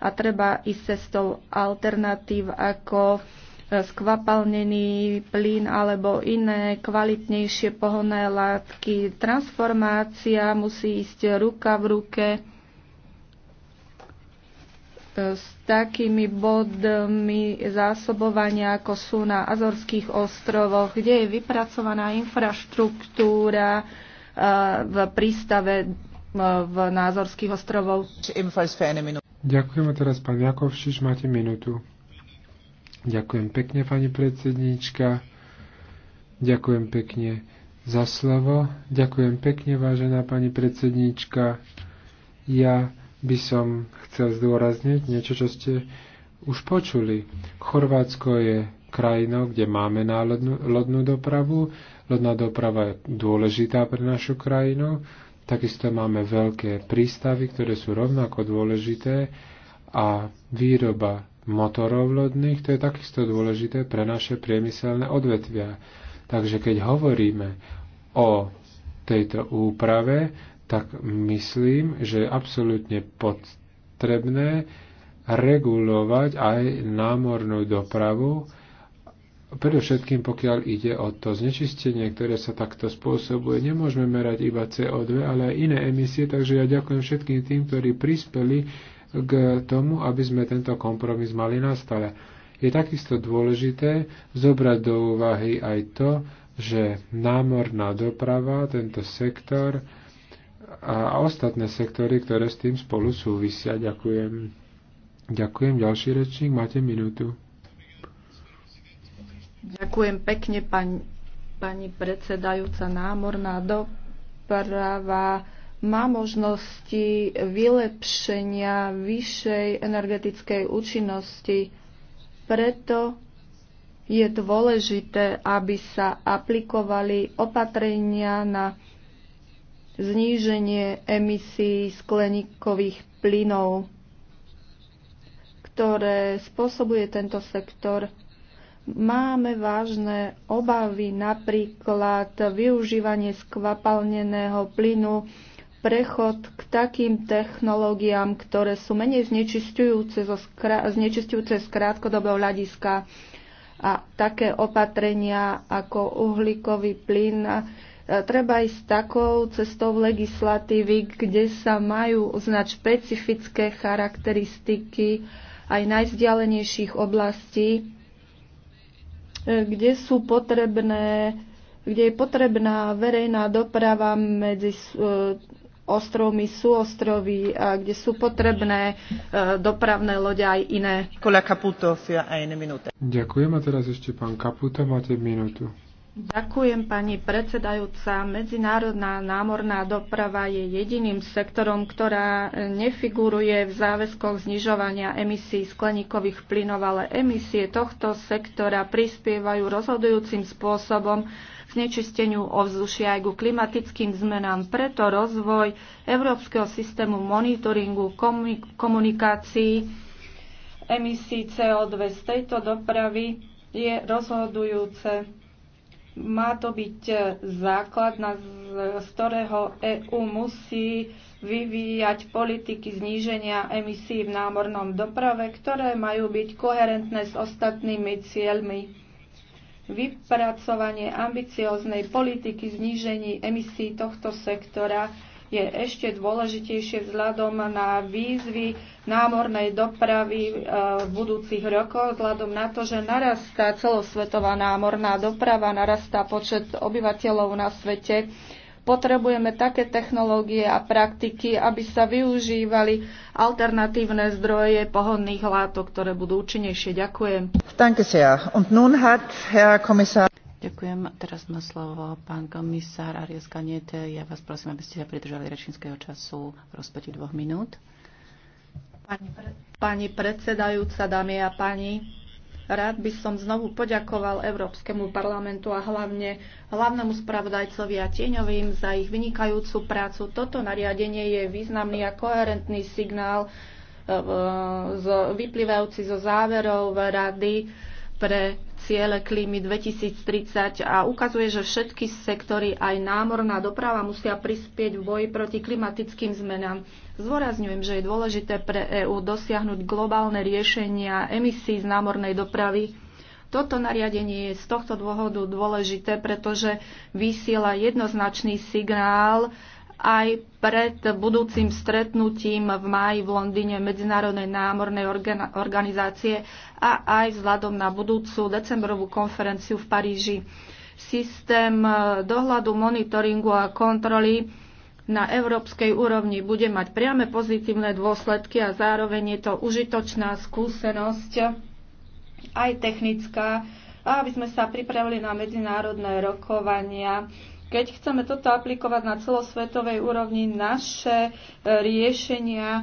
a treba ísť cestou alternatív ako e, skvapalnený plyn alebo iné kvalitnejšie pohonné látky. Transformácia musí ísť ruka v ruke s takými bodmi zásobovania, ako sú na Azorských ostrovoch, kde je vypracovaná infraštruktúra e, v prístave e, v Názorských ostrovov. Ďakujeme teraz, pán Jakovšiš, máte minútu. Ďakujem pekne, pani predsedníčka. Ďakujem pekne za slovo. Ďakujem pekne, vážená pani predsedníčka. Ja by som chcel zdôrazniť niečo, čo ste už počuli. Chorvátsko je krajinou, kde máme náladnú, lodnú dopravu. Lodná doprava je dôležitá pre našu krajinu. Takisto máme veľké prístavy, ktoré sú rovnako dôležité a výroba motorov lodných, to je takisto dôležité pre naše priemyselné odvetvia. Takže keď hovoríme o tejto úprave, tak myslím, že je absolútne potrebné regulovať aj námornú dopravu, predovšetkým pokiaľ ide o to znečistenie, ktoré sa takto spôsobuje. Nemôžeme merať iba CO2, ale aj iné emisie, takže ja ďakujem všetkým tým, ktorí prispeli k tomu, aby sme tento kompromis mali na stole. Je takisto dôležité zobrať do úvahy aj to, že námorná doprava, tento sektor, a ostatné sektory, ktoré s tým spolu súvisia. Ďakujem. Ďakujem. Ďalší rečník, máte minútu. Ďakujem pekne, pani, pani predsedajúca námorná doprava má možnosti vylepšenia vyššej energetickej účinnosti. Preto je dôležité, aby sa aplikovali opatrenia na zníženie emisí skleníkových plynov, ktoré spôsobuje tento sektor. Máme vážne obavy, napríklad využívanie skvapalneného plynu, prechod k takým technológiám, ktoré sú menej znečistujúce, z krátkodobého hľadiska, a také opatrenia ako uhlíkový plyn. E, treba ísť takou cestou legislatívy, kde sa majú uznať špecifické charakteristiky aj najvzdialenejších oblastí, e, kde sú potrebné kde je potrebná verejná doprava medzi e, ostrovmi, sú ostrovy, eh, kde sú potrebné eh, dopravné lode aj iné. Eh, Ďakujem a teraz ešte pán Kaputa, máte minútu. Ďakujem pani predsedajúca. Medzinárodná námorná doprava je jediným sektorom, ktorá nefiguruje v záväzkoch znižovania emisí skleníkových plynov, ale emisie tohto sektora prispievajú rozhodujúcim spôsobom k znečisteniu ovzdušia aj ku klimatickým zmenám. Preto rozvoj Európskeho systému monitoringu komunikácií emisí CO2 z tejto dopravy je rozhodujúce má to byť e, základ, z ktorého EÚ musí vyvíjať politiky zníženia emisí v námornom doprave, ktoré majú byť koherentné s ostatnými cieľmi. Vypracovanie ambicioznej politiky znížení emisí tohto sektora je ešte dôležitejšie vzhľadom na výzvy námornej dopravy e, v budúcich rokoch, vzhľadom na to, že narastá celosvetová námorná doprava, narastá počet obyvateľov na svete. Potrebujeme také technológie a praktiky, aby sa využívali alternatívne zdroje pohodných látok, ktoré budú účinnejšie. Ďakujem. Danke sehr. Und nun hat Herr Kommissar Ďakujem. Teraz má slovo pán komisár Arias Kaniete. Ja vás prosím, aby ste sa pridržali rečníckého času v rozpeti dvoch minút. Pani, pre... pani predsedajúca, dámy a pani. rád by som znovu poďakoval Európskemu parlamentu a hlavne hlavnému spravodajcovi a tieňovým za ich vynikajúcu prácu. Toto nariadenie je významný a koherentný signál e, e, vyplývajúci zo záverov rady pre ciele klímy 2030 a ukazuje, že všetky sektory, aj námorná doprava, musia prispieť v boji proti klimatickým zmenám. Zvorazňujem, že je dôležité pre EÚ dosiahnuť globálne riešenia emisí z námornej dopravy. Toto nariadenie je z tohto dôvodu dôležité, pretože vysiela jednoznačný signál aj pred budúcim stretnutím v máji v Londýne Medzinárodnej námornej organizácie a aj vzhľadom na budúcu decembrovú konferenciu v Paríži. Systém eh, dohľadu, monitoringu a kontroly na európskej úrovni bude mať priame pozitívne dôsledky a zároveň je to užitočná skúsenosť, aj technická, aby sme sa pripravili na medzinárodné rokovania keď chceme toto aplikovať na celosvetovej úrovni, naše e, riešenia e,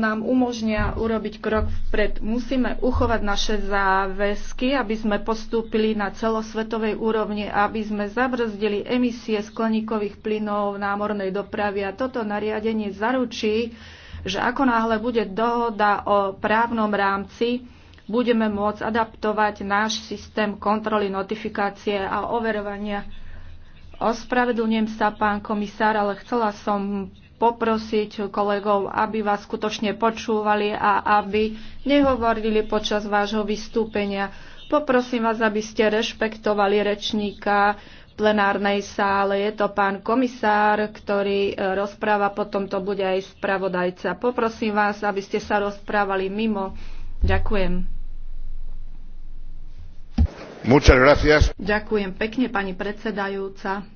nám umožnia urobiť krok vpred. Musíme uchovať naše záväzky, aby sme postúpili na celosvetovej úrovni, aby sme zabrzdili emisie skleníkových plynov v námornej dopravy a toto nariadenie zaručí, že ako náhle bude dohoda o právnom rámci, budeme môcť adaptovať náš systém kontroly notifikácie a overovania Ospravedlňujem sa, pán komisár, ale chcela som poprosiť kolegov, aby vás skutočne počúvali a aby nehovorili počas vášho vystúpenia. Poprosím vás, aby ste rešpektovali rečníka plenárnej sále. Je to pán komisár, ktorý e, rozpráva, potom to bude aj spravodajca. Poprosím vás, aby ste sa rozprávali mimo. Ďakujem. Ďakujem pekne, pani predsedajúca.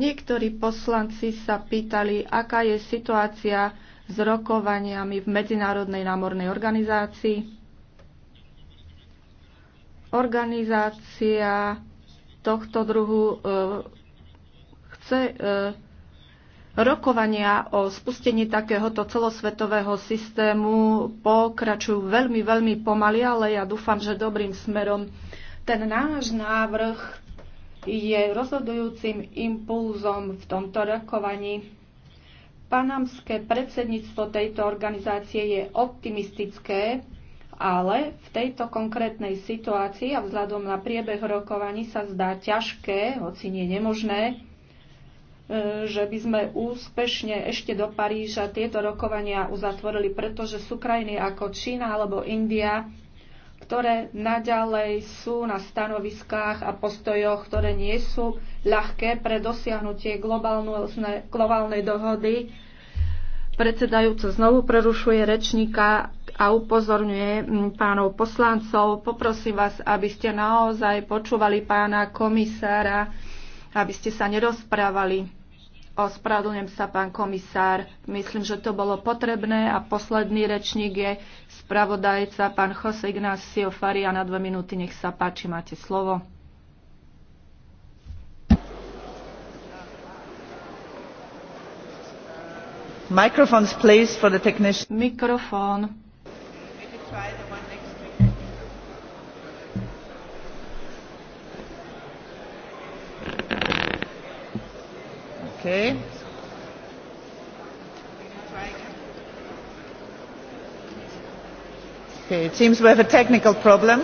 Niektorí poslanci sa pýtali, aká je situácia s rokovaniami v Medzinárodnej námornej organizácii. Organizácia tohto druhu e, chce e, Rokovania o spustení takéhoto celosvetového systému pokračujú veľmi, veľmi pomaly, ale ja dúfam, že dobrým smerom ten náš návrh je rozhodujúcim impulzom v tomto rokovaní. Panamské predsedníctvo tejto organizácie je optimistické, ale v tejto konkrétnej situácii a vzhľadom na priebeh rokovaní sa zdá ťažké, hoci nie nemožné, E, že by sme úspešne ešte do Paríža tieto rokovania uzatvorili, pretože sú krajiny ako Čína alebo India, ktoré naďalej sú na stanoviskách a postojoch, ktoré nie sú ľahké pre dosiahnutie globálnej dohody. Predsedajúca znovu prerušuje rečníka a upozorňuje pánov poslancov. Poprosím vás, aby ste naozaj počúvali pána komisára, aby ste sa nerozprávali. Ospravedlňujem sa, pán komisár. Myslím, že to bolo potrebné. A posledný rečník je spravodajca, pán Jose Ignacio Faria. Na dve minúty, nech sa páči, máte slovo. please, for the technician. Mikrofón. Mikrofón. Okay. Okay, it seems we have a technical problem.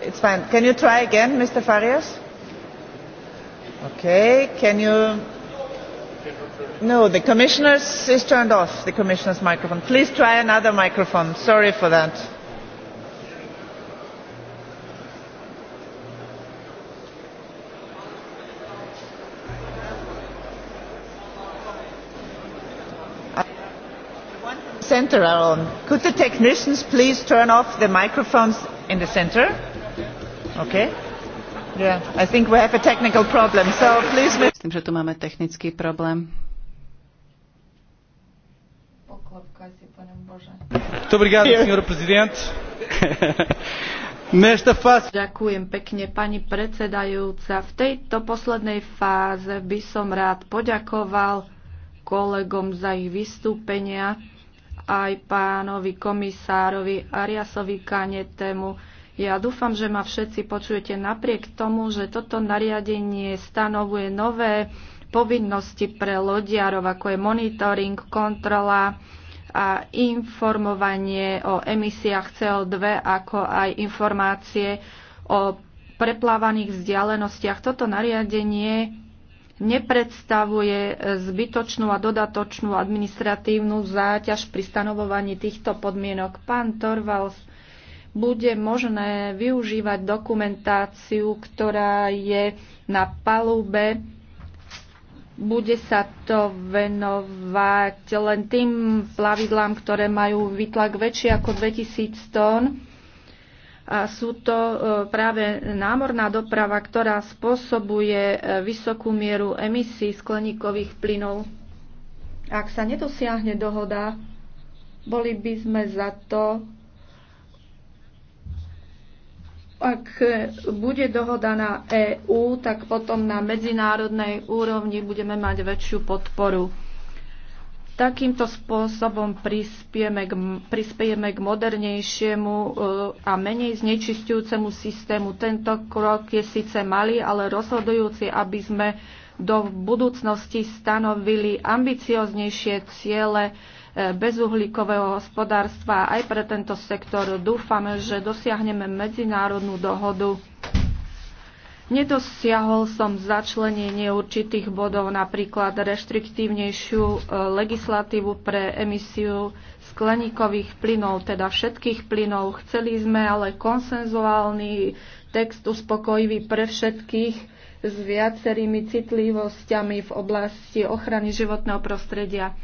It's fine. Can you try again, Mr. Farias? Okay. Can you No, the commissioner's is turned off, the commissioner's microphone. Please try another microphone. Sorry for that. center on. Could the technicians please turn off the microphones in the center? Okay. Yeah, I think we have a technical problem, so please... Myslím, že tu máme technický problém. Obrigado, Nesta Ďakujem pekne, pani predsedajúca. V tejto poslednej fáze by som rád poďakoval kolegom za ich vystúpenia aj pánovi komisárovi Ariasovi Kanetému. Ja dúfam, že ma všetci počujete napriek tomu, že toto nariadenie stanovuje nové povinnosti pre lodiarov, ako je monitoring, kontrola, a informovanie o emisiách CO2, ako aj informácie o preplávaných vzdialenostiach. Toto nariadenie nepredstavuje zbytočnú a dodatočnú administratívnu záťaž pri stanovovaní týchto podmienok. Pán Torvalds, bude možné využívať dokumentáciu, ktorá je na palube bude sa to venovať len tým plavidlám, ktoré majú výtlak väčší ako 2000 tón. A sú to e, práve námorná doprava, ktorá spôsobuje e, vysokú mieru emisí skleníkových plynov. Ak sa nedosiahne dohoda, boli by sme za to, ak bude dohoda na EÚ, tak potom na medzinárodnej úrovni budeme mať väčšiu podporu. Takýmto spôsobom prispieme k, prispiejeme k modernejšiemu e, a menej znečistujúcemu systému. Tento krok je síce malý, ale rozhodujúci, aby sme do budúcnosti stanovili ambicioznejšie ciele bezuhlíkového hospodárstva aj pre tento sektor. Dúfame, že dosiahneme medzinárodnú dohodu. Nedosiahol som začlenenie určitých bodov, napríklad reštriktívnejšiu e, legislatívu pre emisiu skleníkových plynov, teda všetkých plynov. Chceli sme ale konsenzuálny text uspokojivý pre všetkých s viacerými citlivosťami v oblasti ochrany životného prostredia.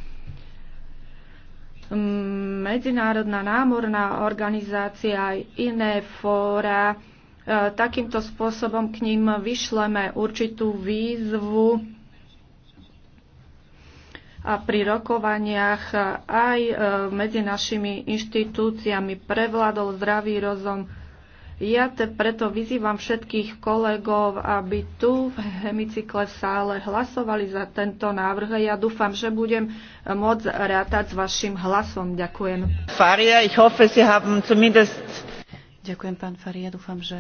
Medzinárodná námorná organizácia aj iné fóra. E, takýmto spôsobom k ním vyšleme určitú výzvu a pri rokovaniach aj e, medzi našimi inštitúciami prevládol zdravý rozum ja te preto vyzývam všetkých kolegov, aby tu v hemicykle v sále hlasovali za tento návrh ja dúfam, že budem môcť rátať s vašim hlasom. Ďakujem. Faria, ich hoffe, Sie haben zumindest... Ďakujem, pán Faria. Dúfam, že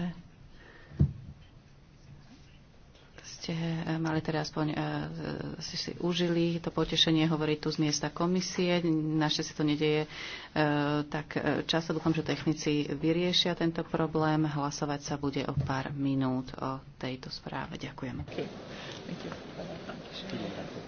ste eh, mali teda aspoň, eh, eh, ste si užili to potešenie hovoriť tu z miesta komisie. Naše si to nedeje tak často. Dúfam, že technici vyriešia tento problém. Hlasovať sa bude o pár minút o tejto správe. Ďakujem. Okay. Thank you.